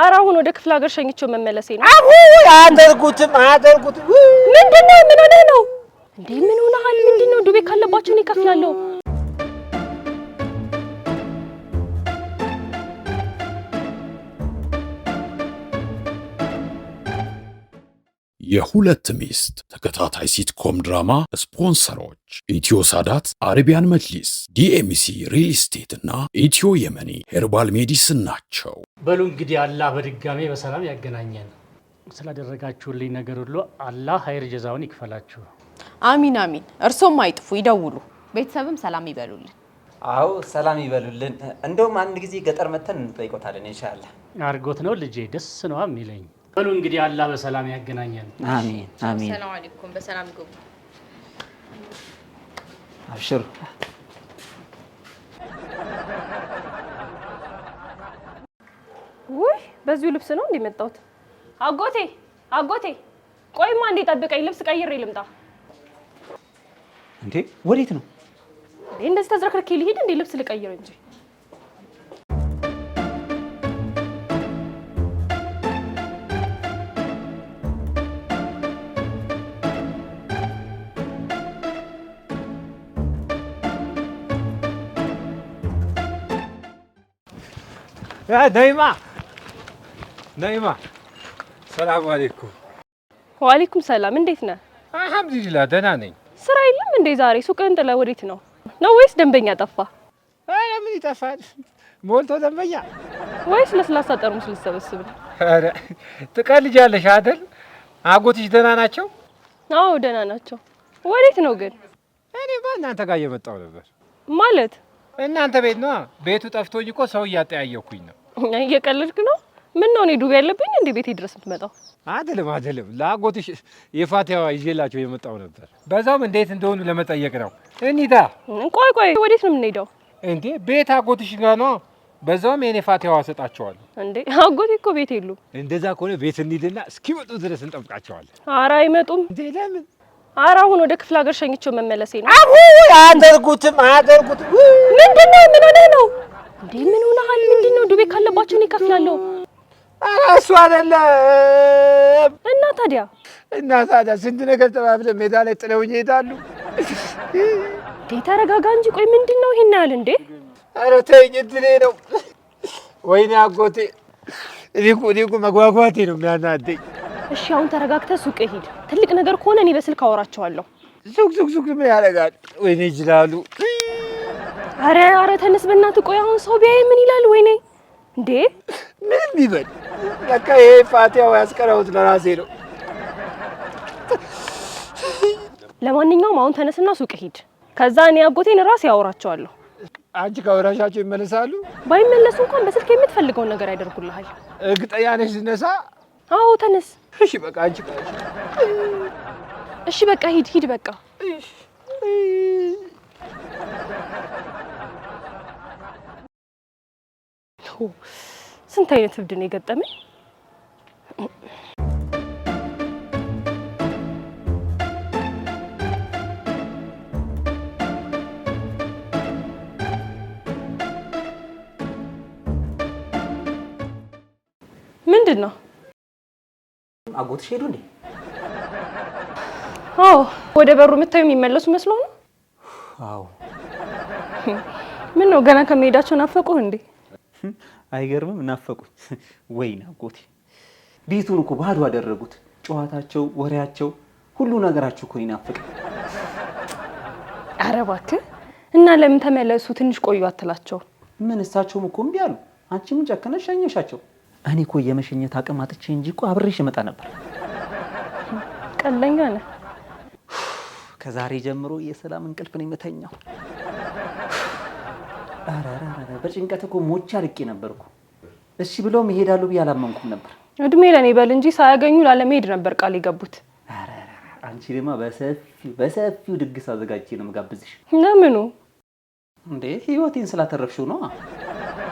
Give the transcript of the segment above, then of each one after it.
ኧረ አሁን ወደ ክፍለ ሀገር ሸኝቼው መመለሴ ነው። አሁ አያደርጉትም አያደርጉትም። ምንድን ነው? ምን ሆነህ ነው እንዴ? ምን ሆነሃል? ምንድን ነው? ዱቤ ካለባቸው እኔ እከፍላለሁ የሁለት ሚስት ተከታታይ ሲትኮም ድራማ ስፖንሰሮች ኢትዮ ሳዳት፣ አረቢያን መጅሊስ፣ ዲኤምሲ ሪል ስቴት እና ኢትዮ የመኒ ሄርባል ሜዲስን ናቸው። በሉ እንግዲህ አላህ በድጋሜ በሰላም ያገናኘን። ስላደረጋችሁልኝ ነገር ሁሉ አላህ ሀይር ጀዛውን ይክፈላችሁ። አሚን አሚን። እርሶም አይጥፉ፣ ይደውሉ። ቤተሰብም ሰላም ይበሉልን። አዎ ሰላም ይበሉልን። እንደውም አንድ ጊዜ ገጠር መተን እንጠይቆታለን። ኢንሻላህ አርጎት ነው ልጄ ደስ ነዋ የሚለኝ በሉ እንግዲህ አላህ በሰላም ያገናኘን። አሜን አሜን። ሰላም አለይኩም። በሰላም ይገቡ። አብሽር ውይ፣ በዚሁ ልብስ ነው እንደመጣሁት። አጎቴ አጎቴ፣ ቆይማ እንዴ ጠብቀኝ፣ ልብስ ቀይሬ ልምጣ። እንዴ ወዴት ነው? እንደዚህ ተዝረክርኬ ልሂድ እንዴ? ልብስ ልቀይር እንጂ ነይማ ነይማ። ሰላም አለይኩም። ወአለይኩም ሰላም። እንዴት ነህ? አልሐምዱሊላህ ደህና ነኝ። ስራ የለም እንዴ ዛሬ? ሱቅህን ጥለህ ወዴት ነው ነው ወይስ ደንበኛ ጠፋ? ኧረ ምን ይጠፋል ሞልቶ ደንበኛ። ወይስ ለስላሳ ጠርሙስ ልሰበስብ ነው? ኧረ ትቀልጃለሽ አይደል? አጎትሽ ደህና ናቸው? አዎ ደህና ናቸው። ወዴት ነው ግን? እኔማ እናንተ ጋር እየመጣሁ ነበር። ማለት እናንተ ቤት ነዋ። ቤቱ ጠፍቶኝ እኮ ሰው እያጠያየኩኝ ነው እየቀለድክ ነው? ምን ነው እኔ ዱብ ያለብኝ እንዴ? ቤቴ ድረስ የምትመጣው? አይደለም አይደለም፣ ለአጎትሽ የፋቲያዋ ይዤላቸው የመጣው ነበር። በዛም እንዴት እንደሆኑ ለመጠየቅ ነው። እኒታ ቆይ ቆይ፣ ወዴት ነው የምንሄደው? እንዴ ቤት አጎትሽ ጋር ነው። በዛውም የኔ ፋቲያዋ ሰጣቸዋለሁ። እንዴ አጎቴ እኮ ቤት የሉም። እንደዛ ከሆነ ቤት እንሂድና እስኪመጡ ድረስ እንጠብቃቸዋለን። ኧረ አይመጡም። እንዴ ለምን? ኧረ አሁን ወደ ክፍለ ሀገር ሸኝቼው መመለሴ ነው። አሁን አያደርጉትም፣ አያደርጉትም። ምንድን ነው? ምን ሆነህ ነው? እንዴ ምን ሆነሃል? ምንድን ነው ዱቤ ካለባቸው እኔ እከፍላለሁ። ኧረ እሱ አይደለም። እና ታዲያ እና ታዲያ ስንት ነገር ተባብለን ሜዳ ላይ ጥለውኝ ይሄዳሉ። ተረጋጋ እንጂ። ቆይ ምንድን ነው ይሄን ያህል እንዴ? ኧረ ተይኝ፣ እድሌ ነው። ወይኔ አጎቴ፣ እኔ እኮ መጓጓቴ ነው የሚያናደኝ። እሺ አሁን ተረጋግተህ ሱቅ ሂድ። ትልቅ ነገር ከሆነ እኔ በስልክ አወራቸዋለሁ። ዙግ ዙግ ዙግ ምን ያደርጋል? ወይኔ ይችላሉ አረ አረ ተነስ በእናት ቆይ አሁን ሰው ቢያይ ምን ይላል? ወይኔ እንዴ ምን ቢበል። ለካ ይሄ ፋቲያው ያስቀረሁት ለራሴ ነው። ለማንኛውም አሁን ተነስና ሱቅ ሂድ። ከዛ እኔ አጎቴን ራሴ ያወራቸዋለሁ። አንቺ ካወራሻቸው ይመለሳሉ። ባይመለሱ እንኳን በስልክ የምትፈልገውን ነገር ያደርጉልሃል። እርግጠኛ ነሽ? ስነሳ? አዎ ተነስ። እሺ በቃ አንቺ እሺ በቃ ሂድ ሂድ በቃ ስንት አይነት እብድ ነው የገጠመኝ። ምንድን ነው አጎትሽ ሄዱ እንዴ? አዎ፣ ወደ በሩ የምታዩ የሚመለሱ መስሎ ነው። አዎ። ምን ነው ገና ከመሄዳቸው ናፈቁህ እንዴ? አይገርምም? እናፈቁኝ ወይ ናጎቴ። ቤቱን እኮ ባዶ አደረጉት። ጨዋታቸው፣ ወሬያቸው፣ ሁሉ ነገራችሁ እኮ ይናፍቅ። ኧረ እባክህ እና ለምን ተመለሱ ትንሽ ቆዩ አትላቸው? ምን እሳቸውም እኮ እምቢ አሉ። አንቺ ምን ጨክነሽ ሸኘሻቸው? እኔ እኮ የመሸኘት አቅም አጥቼ እንጂ እኮ አብሬሽ እመጣ ነበር። ቀለኛ ነህ። ከዛሬ ጀምሮ የሰላም እንቅልፍ ነው የምተኛው። በጭንቀት እኮ ሞቼ አልቄ ነበርኩ። እሺ ብለውም ይሄዳሉ ብዬ አላመንኩም ነበር። እድሜ ለኔ በል እንጂ ሳያገኙ ላለመሄድ ነበር ቃል የገቡት። አንቺ ደማ በሰፊው በሰፊው ድግስ አዘጋጅቼ ነው የምጋብዝሽ። ለምኑ እንዴ? ህይወቴን ስላተረፍሽው ነው።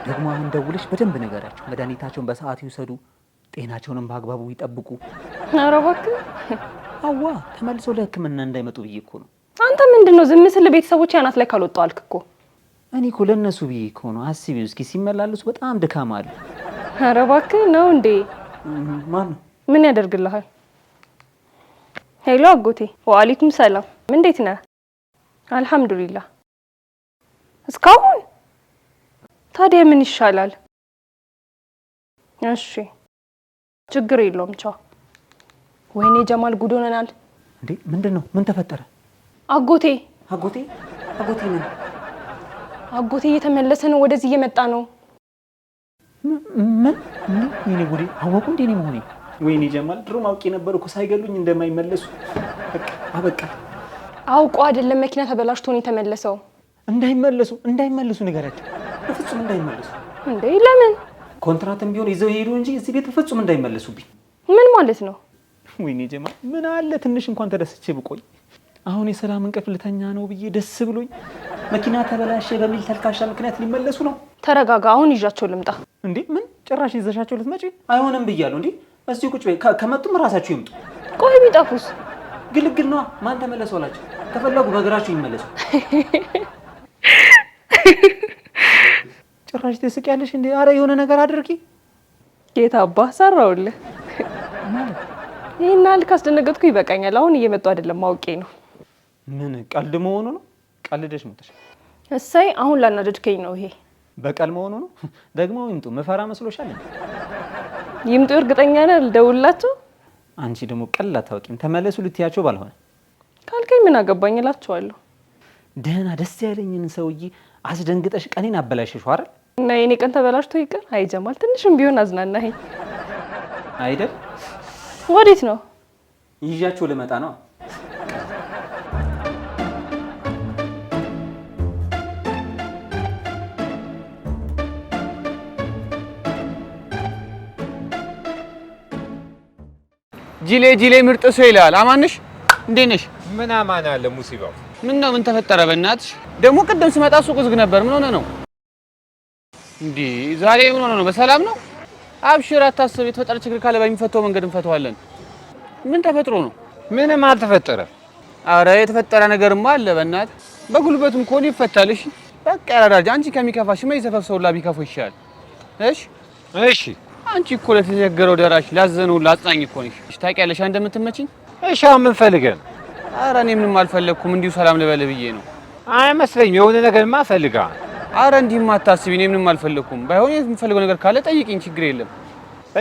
ደግሞ አሁን ደውለሽ በደንብ ነገራቸው፣ መድኃኒታቸውን በሰዓት ይውሰዱ፣ ጤናቸውንም በአግባቡ ይጠብቁ። ኧረ እባክህ አዋ፣ ተመልሶ ለህክምና እንዳይመጡ ብዬ እኮ ነው። አንተ ምንድን ነው ዝም ስል ቤተሰቦች አናት ላይ ካልወጣው አልክ እኮ እኔ እኮ ለእነሱ ብዬ እኮ ነው። አስቢው እስኪ ሲመላለሱ በጣም ድካም አለ። ኧረ እባክህ ነው እንዴ? ማን ነው? ምን ያደርግልሃል? ሄሎ አጎቴ። ወአሌኩም ሰላም። እንዴት ነህ? አልሐምዱሊላህ። እስካሁን ታዲያ ምን ይሻላል? እሺ ችግር የለውም ቻው። ወይኔ ጀማል ጉድ ሆነናል። እንዴ ምንድን ነው? ምን ተፈጠረ? አጎቴ አጎቴ አጎቴ ምን አጎቴ እየተመለሰ ነው፣ ወደዚህ እየመጣ ነው። ምን ይኔ ጉዴ! አወቁ እንዴ እኔ መሆኔ? ወይኔ ጀማል፣ ድሮም አውቄ ነበር እኮ ሳይገሉኝ እንደማይመለሱ። አበቃ። አውቆ አይደለም መኪና ተበላሽቶ ነው የተመለሰው። እንዳይመለሱ እንዳይመለሱ ንገራቸው፣ በፍጹም እንዳይመለሱ። እንዴ ለምን? ኮንትራትም ቢሆን ይዘው ይሄዱ እንጂ እዚህ ቤት በፍጹም እንዳይመለሱብኝ። ምን ማለት ነው? ወይኔ ጀማል፣ ምን አለ ትንሽ እንኳን ተደስቼ ብቆይ አሁን የሰላም እንቅልፍ ልተኛ ነው ብዬ ደስ ብሎኝ መኪና ተበላሸ በሚል ተልካሻ ምክንያት ሊመለሱ ነው። ተረጋጋ፣ አሁን ይዣቸው ልምጣ። እንዴ ምን ጭራሽ ይዘሻቸው ልትመጪ? አይሆንም ብያለሁ። እንዴ እዚህ ቁጭ በይ፣ ከመጡም ራሳቸው ይምጡ። ቆይ ቢጠፉስ? ግልግል ነዋ። ማን ተመለሱ አላቸው። ከፈለጉ በእግራችሁ ይመለሱ። ጭራሽ ትስቂያለሽ እንዴ? አረ የሆነ ነገር አድርጊ። ጌታ አባ ሰራውልህ። ይህን ያህል ካስደነገጥኩ ይበቃኛል። አሁን እየመጡ አይደለም ማውቄ ነው። ምን ቀልድ መሆኑ ነው? ቀልደሽ ሞተሽ። እሰይ አሁን ላናደድከኝ ነው። ይሄ በቀል መሆኑ ነው ደግሞ። ይምጡ መፈራ መስሎሻል? ይምጡ እርግጠኛ ነህ? ልደውልላቸው። አንቺ ደግሞ ቀልድ አታውቂም። ተመለሱ ልትያቸው ባልሆነ ካልከኝ ምን አገባኝ እላቸዋለሁ። ደህና ደስ ያለኝን ሰውዬ አስደንግጠሽ ቀኔን አበላሽሽ አይደል? እና የኔ ቀን ተበላሽቶ ይቀር አይጀማል። ትንሽም ቢሆን አዝናናኸኝ አይደል? ወዴት ነው? ይዣቸው ልመጣ ነው። ጅሌ ጅሌ ምርጥ ሰው ይልሃል። አማንሽ እንዴት ነሽ? ምን አማን አለ ሙሲባው። ምን ነው ምን ተፈጠረ? በእናትሽ ደግሞ ቅድም ስመጣ ሱቅ ዝግ ነበር። ምን ሆነ ነው? እንዲህ ዛሬ ምን ሆነ ነው? በሰላም ነው? አብሽር፣ አታስብ። የተፈጠረ ችግር ካለ በሚፈታው መንገድ እንፈተዋለን። ምን ተፈጥሮ ነው? ምንም አልተፈጠረ። አረ የተፈጠረ ነገርማ አለ። በእናት በጉልበትም ከሆነ ይፈታልሽ። በቃ ያራዳጅ አንቺ ከሚከፋሽ መይ ሰፈብ ሰው ላቢ ይሻል። እሺ እሺ አንቺ እኮ ለተቸገረው ደራሽ፣ ላዘነው ላጽናኝ እኮ ነሽ። እሺ ታውቂያለሽ እንደምትመችኝ። እሺ ምን ፈልገን? ነው? ኧረ እኔ ምንም አልፈለግኩም፣ እንዲሁ ሰላም ልበልህ ብዬ ነው። አይመስለኝም። የሆነ ነገርማ ፈልገሃል። ኧረ እንዲህማ አታስቢ፣ እኔ ምንም አልፈለግኩም። ባይሆን የምፈልገው ነገር ካለ ጠይቂኝ፣ ችግር የለም።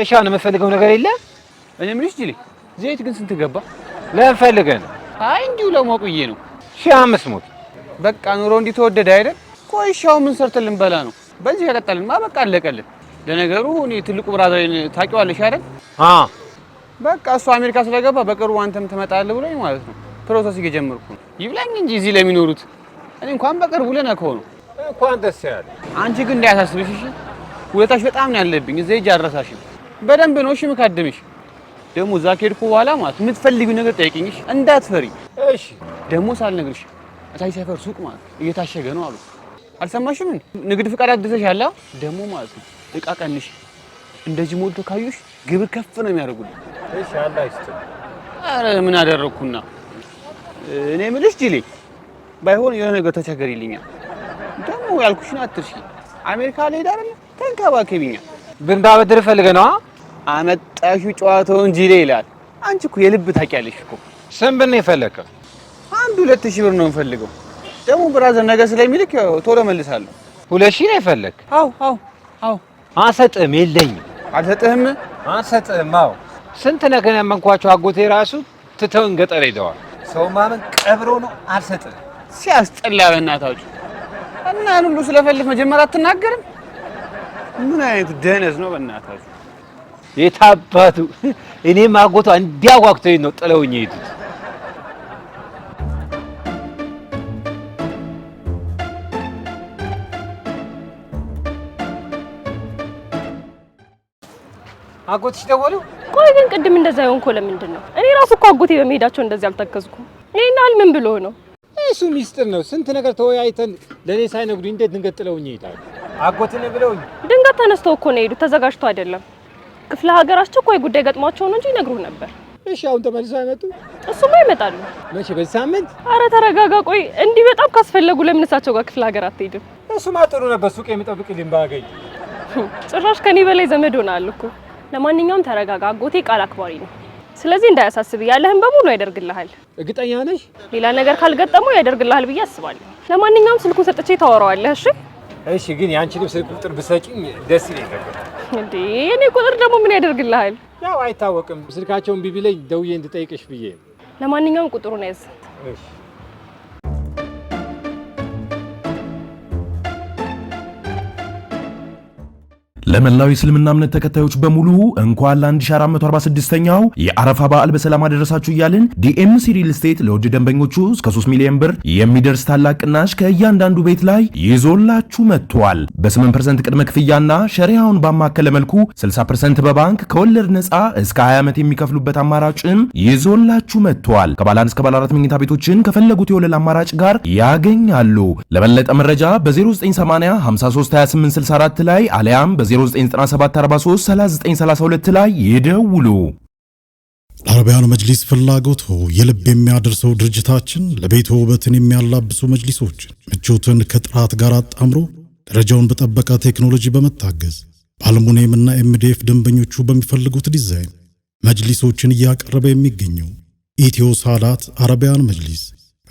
እሺ አሁን የምፈልገው ነገር የለ። እኔ የምልሽ ጅሌ፣ ዘይት ግን ስንት ገባ? ለምን ፈልገህ አይ እንዲሁ ለሞቅ ብዬ ነው። ሺህ አምስት መቶ በቃ ኑሮ እንዲህ ተወደደ አይደል? ቆይ እሺ አሁን ምን ሰርተን ልንበላ ነው? በዚህ ከቀጠልንማ በቃ አለቀልን። ለነገሩ እኔ ትልቁ ብራዘሬን ታውቂዋለሽ አይደል? አዎ። በቃ እሱ አሜሪካ ስለገባ በቅርቡ አንተም ትመጣለህ ብሎኝ ማለት ነው ፕሮሰስ እየጀመርኩ ነው። ይብላኝ እንጂ እዚህ ለሚኖሩት እኔ እንኳን በቅርቡ ልነካው ነው። እንኳን ደስ ያለ። አንቺ ግን እንዳያሳስብሽ እሺ። ውለታሽ በጣም ነው ያለብኝ። እዚህ ሂጅ አረሳሽም። በደንብ ነው እሺ የምካድምሽ። ደግሞ እዛ ከሄድኩ በኋላ ማለት የምትፈልጊው ነገር ጠይቂኝ እሺ፣ እንዳትፈሪ እሺ። ደግሞ ሳልነግርሽ እታች ሰፈር ሱቅ ማለት እየታሸገ ነው አሉ። አልሰማሽም? ንግድ ፍቃድ አድርሰሽ ያለ ደግሞ ማለት ነው እቃ ቀንሽ። እንደዚህ ሞልቶ ካዩሽ ግብር ከፍ ነው የሚያደርጉልኝ። እሺ አላ ይስጥ። አረ ምን አደረግኩና? እኔ የምልሽ ጅሌ፣ ባይሆን የሆነ ነገር ተቸገሪልኛል። ደግሞ ያልኩሽን አትርሺ። አሜሪካ ልሄድ አይደለ? ተንከባከቢኛ። ብንዳበድር ፈልገ ነው አመጣሹ ጨዋታውን ጅሌ ይላል። አንቺ እኮ የልብ ታውቂያለሽ እኮ። ስም ብን ነው አንድ ሁለት ሺህ ብር ነው የምፈልገው። ደግሞ ብራዘር ነገ ስለሚልክ ቶሎ መልሳለሁ። ሁለት ሺህ ነው የፈለክ? አዎ አዎ አዎ አሰጥም የለኝም። አልሰጥህም? አሰጥህም። አዎ ስንት ነገር ያመንኳቸው አጎቴ ራሱ ትተውን ገጠር ሄደዋል። ሰው ማመን ቀብሮ ነው። አልሰጥህም። ሲያስጠላ በእናታችሁ እና ሁሉ ስለፈልግ መጀመሪያ አትናገርም? ምን አይነት ደነዝ ነው በእናታችሁ የታባቱ። እኔም አጎቷ እንዲያዋክተኝ ነው ጥለውኝ ሄዱት። አጎትሽ ደወሉ። ቆይ ግን ቅድም እንደዛ የሆንኮ ለምንድን ነው? እኔ ራሱ እኮ አጎቴ በመሄዳቸው እንደዚህ አልተከዝኩም። ይሄን አል ምን ብሎ ነው? እሱ ሚስጥር ነው። ስንት ነገር ተወያይተን ለእኔ ሳይነግዱ እንዴት ድንገት ጥለውኝ ይሄዳሉ? አጎትን ብለውኝ ድንገት ተነስተው እኮ ነው የሄዱት። ተዘጋጅቶ አይደለም። ክፍለ ሀገራቸው ቆይ ጉዳይ ገጥሟቸው ነው እንጂ ይነግሩ ነበር። እሺ አሁን ተመልሰው አይመጡ? እሱማ ይመጣሉ። መቼ? በዚህ ሳምንት? አረ ተረጋጋ። ቆይ እንዲህ በጣም ካስፈለጉ ለምን እሳቸው ጋር ክፍለ ሀገር አትሄድም? እሱማ ጥሩ ነበር። ሱቅ የሚጠብቅልኝ ባገኝ። ጭራሽ ከኔ በላይ ዘመድ ሆናል እኮ ለማንኛውም ተረጋጋ። አጎቴ ቃል አክባሪ ነው። ስለዚህ እንዳያሳስብ ያለህን በሙሉ ያደርግልሃል። እርግጠኛ ነሽ? ሌላ ነገር ካልገጠመው ያደርግልሃል ብዬ አስባለሁ። ለማንኛውም ስልኩን ሰጥቼ ታወራዋለህ። እሺ? እሺ። ግን የአንቺንም ስልክ ቁጥር ብትሰጪኝ ደስ ይለኝ ነበር። እንዴ እኔ ቁጥር ደግሞ ምን ያደርግልሃል? ያው አይታወቅም። ስልካቸውን ቢቢለኝ ደውዬ እንድጠይቅሽ ብዬ። ለማንኛውም ቁጥሩን ያዝ። እሺ ለመላው የእስልምና እምነት ተከታዮች በሙሉ እንኳን ለ1446ኛው የአረፋ በዓል በሰላም አደረሳችሁ እያልን ዲኤምሲ ሪል ስቴት ለውድ ደንበኞቹ እስከ 3 ሚሊዮን ብር የሚደርስ ታላቅ ቅናሽ ከእያንዳንዱ ቤት ላይ ይዞላችሁ መጥቷል። በ8% ቅድመ ክፍያና ሸሪያውን ባማከለ መልኩ 60% በባንክ ከወለድ ነፃ እስከ 20 ዓመት የሚከፍሉበት አማራጭም ይዞላችሁ መጥቷል። ከባለ አንድ እስከ ባለ አራት መኝታ ቤቶችን ከፈለጉት የወለል አማራጭ ጋር ያገኛሉ። ለበለጠ መረጃ በ0980 532864 ላይ አሊያም በ0 0997433932 ላይ ይደውሉ። ለአረቢያን መጅሊስ ፍላጎት የልብ የሚያደርሰው ድርጅታችን ለቤት ውበትን የሚያላብሱ መጅሊሶችን ምቾትን ከጥራት ጋር አጣምሮ ደረጃውን በጠበቀ ቴክኖሎጂ በመታገዝ በአልሙኒየም እና ኤምዲኤፍ ደንበኞቹ በሚፈልጉት ዲዛይን መጅሊሶችን እያቀረበ የሚገኘው ኢትዮ ሳዳት አረቢያን መጅሊስ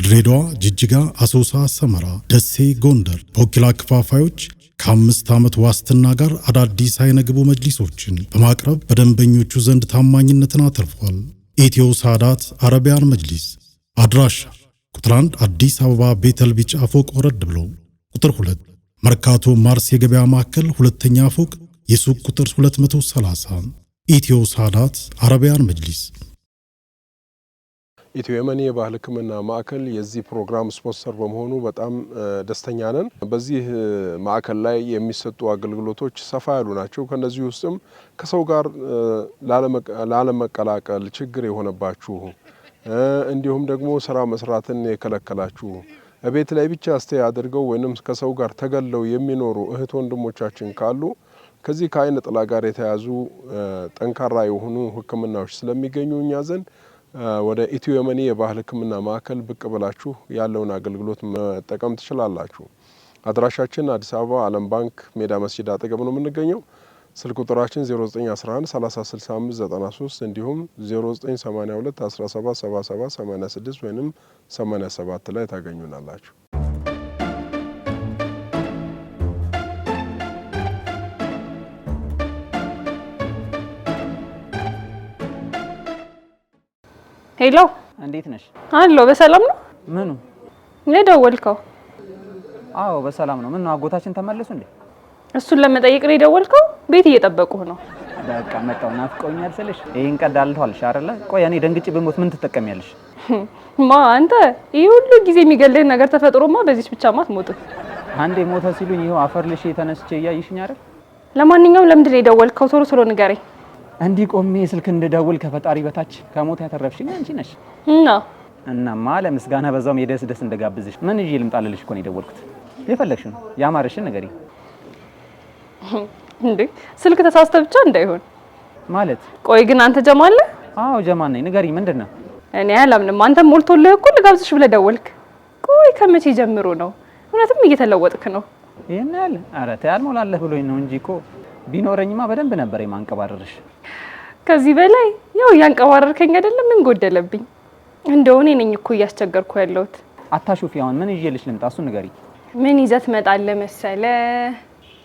ድሬዳዋ፣ ጅጅጋ፣ አሶሳ፣ ሰመራ፣ ደሴ፣ ጎንደር በወኪላ ክፋፋዮች ከአምስት ዓመት ዋስትና ጋር አዳዲስ አይነ ግቡ መጅሊሶችን በማቅረብ በደንበኞቹ ዘንድ ታማኝነትን አትርፏል። ኢትዮ ሳዳት አረቢያን መጅሊስ አድራሻ ቁጥር 1 አዲስ አበባ ቤተል ቢጫ ፎቅ ወረድ ብሎ፣ ቁጥር 2 መርካቶ ማርስ የገበያ ማዕከል ሁለተኛ ፎቅ የሱቅ ቁጥር 230 ኢትዮ ሳዳት አረቢያን መጅሊስ ኢትዮ የመን የባህል ሕክምና ማዕከል የዚህ ፕሮግራም ስፖንሰር በመሆኑ በጣም ደስተኛ ነን። በዚህ ማዕከል ላይ የሚሰጡ አገልግሎቶች ሰፋ ያሉ ናቸው። ከነዚህ ውስጥም ከሰው ጋር ላለመቀላቀል ችግር የሆነባችሁ እንዲሁም ደግሞ ስራ መስራትን የከለከላችሁ ቤት ላይ ብቻ ስቴ አድርገው ወይም ከሰው ጋር ተገለው የሚኖሩ እህት ወንድሞቻችን ካሉ ከዚህ ከአይነ ጥላ ጋር የተያዙ ጠንካራ የሆኑ ሕክምናዎች ስለሚገኙ እኛ ዘንድ ወደ ኢትዮ የባህል ሕክምና ማዕከል ብቅ ብላችሁ ያለውን አገልግሎት መጠቀም ትችላላችሁ። አድራሻችን አዲስ አበባ ዓለም ባንክ ሜዳ መስጂድ አጠገብ ነው የምንገኘው። ስልክ ቁጥራችን 0911306593 እንዲሁም 0982177786 ወይም 87 ላይ ታገኙናላችሁ። ሄሎ፣ እንዴት ነሽ? አለሁ። በሰላም ነው? ምኑ የደወልከው? አዎ በሰላም ነው። ምን ነው አጎታችን ተመለሱ እንዴ? እሱን ለመጠየቅ ነው የደወልከው? ቤት እየጠበቁህ ነው። በቃ መጣሁ። ናፍቀውኛል ስልሽ ይሄን ቀድ አይደለ? ቆይ እኔ ደንግጬ ብሞት ምን ትጠቀሚያለሽ? ማ አንተ ይህ ሁሉ ጊዜ የሚገልህ ነገር ተፈጥሮማ በዚች ብቻ ማት ሞት አንዴ ሞተ ሲሉኝ ይኸው አፈር ልሼ ተነስቼ እያይሽኝ አይደል? ለማንኛውም ለምንድን ነው የደወልከው? ቶሎ ቶሎ ንገረኝ። እንዲህ ቆሜ ስልክ እንድደውል ከፈጣሪ በታች ከሞት ያተረፍሽኝ አንቺ ነሽ። እና እናማ ለምስጋና በዛውም የደስ ደስ እንደጋብዝሽ ምን ይዤ ልምጣልልሽ እኮ ነው የደወልኩት። የፈለግሽ ነው ያማረሽን ነገሪ። እንዴ ስልክ ተሳስተ ብቻ እንዳይሆን ማለት። ቆይ ግን አንተ ጀማል ነህ? አዎ ጀማል ነኝ። ንገሪ ምንድን ነው? እኔ አላምንም። አንተም ሞልቶልህ እኮ ልጋብዝሽ ብለህ ደወልክ። ቆይ ከመቼ ጀምሮ ነው? እውነትም እየተለወጥክ ነው። ይሄን ያህል አረ ተይ ሞላለህ ብሎኝ ነው እንጂ እኮ ቢኖረኝማ በደንብ ነበር የማንቀባረርሽ። ከዚህ በላይ ያው እያንቀባረርከኝ አይደለም። ምን ጎደለብኝ? እንደው እኔ ነኝ እኮ እያስቸገርኩ ያለሁት። አታሹፊ። አሁን ምን ይዤልሽ ልምጣ? እሱን ንገሪ። ምን ይዘት መጣል መሰለ?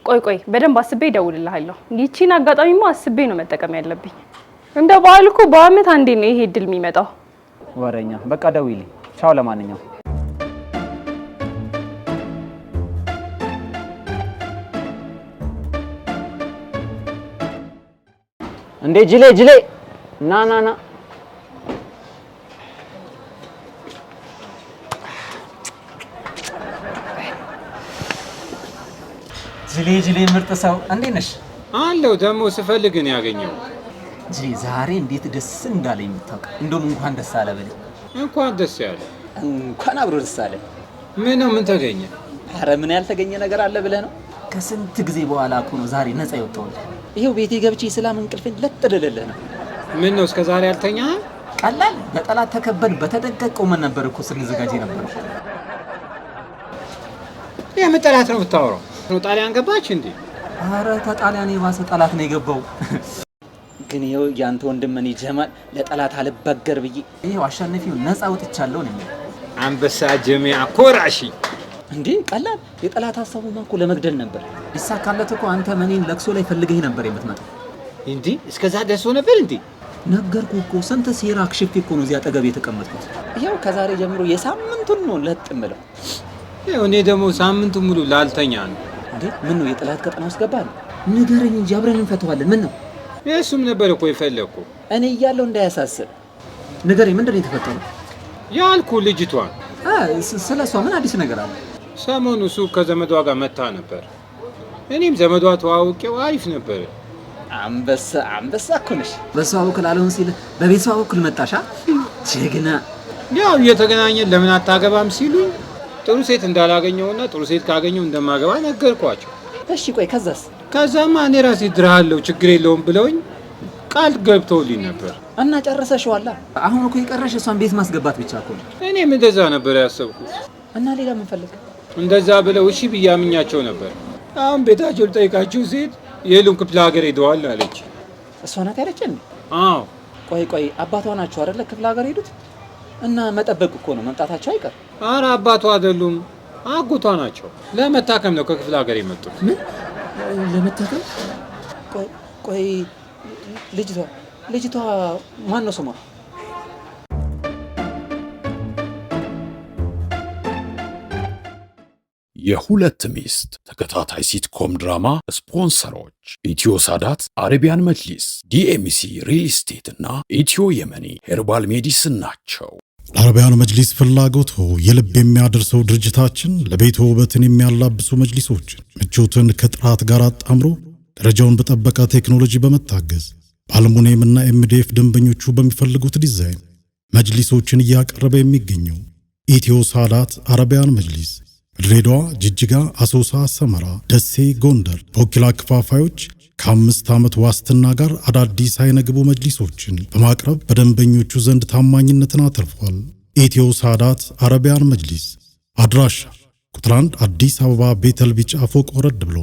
ቆይ ቆይ፣ በደንብ አስቤ እደውልልሃለሁ። ይቺን አጋጣሚማ አስቤ ነው መጠቀም ያለብኝ። እንደ በዓል እኮ በአመት አንዴ ነው ይሄ እድል የሚመጣው። ወረኛ። በቃ ደውይልኝ። ቻው። ለማንኛውም እንዴ ጅሌ ጅሌ ና ና ና ጅሌ ጅሌ ምርጥ ሰው እንዴት ነሽ? አለው ደግሞ ስፈልግ ነው ያገኘው። ጅሌ ዛሬ እንዴት ደስ እንዳለኝ የምታውቅ እንደውም እንኳን ደስ አለ በለኝ። እንኳን ደስ ያለ እንኳን አብሮ ደስ አለ። ምን ነው ምን ተገኘ? አረ ምን ያልተገኘ ነገር አለ ብለህ ነው? ከስንት ጊዜ በኋላ እኮ ነው ዛሬ ነፃ የወጣሁልህ ይሄው ቤቴ ገብቼ የሰላም እንቅልፌን ለጥልልልህ ነው። ምን ነው እስከ ዛሬ አልተኛ? ቀላል በጠላት ተከበን በተጠንቀቅ ምን ነበር እኮ ስንዘጋጅ ነበር። የምን ጠላት ነው ነው ጣሊያን ገባች እንዴ? አረ ከጣሊያን የባሰ ጠላት ነው የገባው። ግን ይኸው ያንተ ወንድምን ይጀማል ለጠላት አልበገር ብዬ ይኸው አሸንፊው ነፃ ወጥቻለሁ ነው። አንበሳ ጀሚያ ኮራሺ እንዴ ቀላል የጠላት ሀሳቡማ እኮ ለመግደል ነበር። ይሳካለት እኮ አንተ መኔን ለቅሶ ላይ ፈልገህ ነበር የምትመጣ እንዴ። እስከዛ ደርሶ ነበር እንዴ? ነገርኩ እኮ ስንት ሴራ አክሽፌ እኮ ነው እዚህ አጠገብ የተቀመጥኩት። ይኸው ከዛሬ ጀምሮ የሳምንቱን ነው ለጥ እምለው። እኔ ደግሞ ሳምንቱ ሙሉ ላልተኛ ነው። እንዴ ምን ነው የጠላት ቀጠና ውስጥ ገባ ነው? ንገረኝ እንጂ አብረን እንፈተዋለን። ምን ነው እሱም ነበር እኮ የፈለግኩ እኔ እያለው እንዳያሳስብ። ንገረኝ ምንድን ነው የተፈጠረው? ያልኩ ልጅቷን ስለ እሷ ምን አዲስ ነገር አለ? ሰሞኑ እሱ ከዘመዷ ጋር መታ ነበር። እኔም ዘመዷ ተዋውቄው አሪፍ ነበር። አንበሳ አንበሳ እኮ ነሽ። በሷ በኩል አልሆን ሲል በቤተሰባ በኩል መጣሻ። ጀግና። ያው እየተገናኘን ለምን አታገባም ሲሉኝ ጥሩ ሴት እንዳላገኘውና ጥሩ ሴት ካገኘው እንደማገባ ነገርኳቸው። እሺ ቆይ ከዛስ? ከዛማ እኔ ራሴ ድርሃለሁ ችግር የለውም ብለውኝ ቃል ገብተውልኝ ነበር። እና ጨርሰሽዋላ? አሁን እኮ የቀረሽ እሷን ቤት ማስገባት ብቻ እኮ ነው። እኔም እንደዛ ነበር ያሰብኩት። እና ሌላ ምን ፈልግ እንደዛ ብለው እሺ ብያምኛቸው አምኛቸው ነበር። አሁን ቤታቸው ልጠይቃችሁ ሴት የሉም ክፍለ ሀገር ሄደዋል አለች። እሷ ናት ያለችን? አዎ። ቆይ ቆይ አባቷ ናቸው አደለ ክፍለ ሀገር ሄዱት? እና መጠበቅ እኮ ነው መምጣታቸው አይቀር። አረ አባቷ አይደሉም አጎቷ ናቸው። ለመታከም ነው ከክፍለ ሀገር የመጡት። ምን ለመታከም? ቆይ ቆይ ልጅቷ ልጅቷ ማን ነው ስሟ? የሁለት ሚስት ተከታታይ ሲትኮም ድራማ ስፖንሰሮች ኢትዮ ሳዳት፣ አረቢያን መጅሊስ፣ ዲኤምሲ ሪል ስቴት እና ኢትዮ የመኒ ሄርባል ሜዲስን ናቸው። ለአረቢያን መጅሊስ ፍላጎቶ የልብ የሚያደርሰው ድርጅታችን ለቤት ውበትን የሚያላብሱ መጅሊሶችን ምቾትን ከጥራት ጋር አጣምሮ ደረጃውን በጠበቀ ቴክኖሎጂ በመታገዝ እና ኤምዲኤፍ ደንበኞቹ በሚፈልጉት ዲዛይን መጅሊሶችን እያቀረበ የሚገኘው ኢትዮ ሳዳት አረቢያን መጅሊስ ድሬዳዋ፣ ጅጅጋ፣ አሶሳ፣ ሰመራ፣ ደሴ፣ ጎንደር በወኪላ ክፋፋዮች ከአምስት ዓመት ዋስትና ጋር አዳዲስ አይነግቡ መጅሊሶችን በማቅረብ በደንበኞቹ ዘንድ ታማኝነትን አትርፏል። ኢትዮ ሳዳት አረቢያን መጅሊስ አድራሻ ቁጥር 1 አዲስ አበባ ቤተል ቢጫ ፎቅ ወረድ ብሎ፣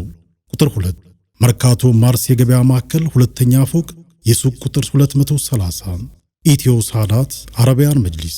ቁጥር 2 መርካቶ ማርስ የገበያ ማዕከል ሁለተኛ ፎቅ የሱቅ ቁጥር 230 ኢትዮ ሳዳት አረቢያን መጅሊስ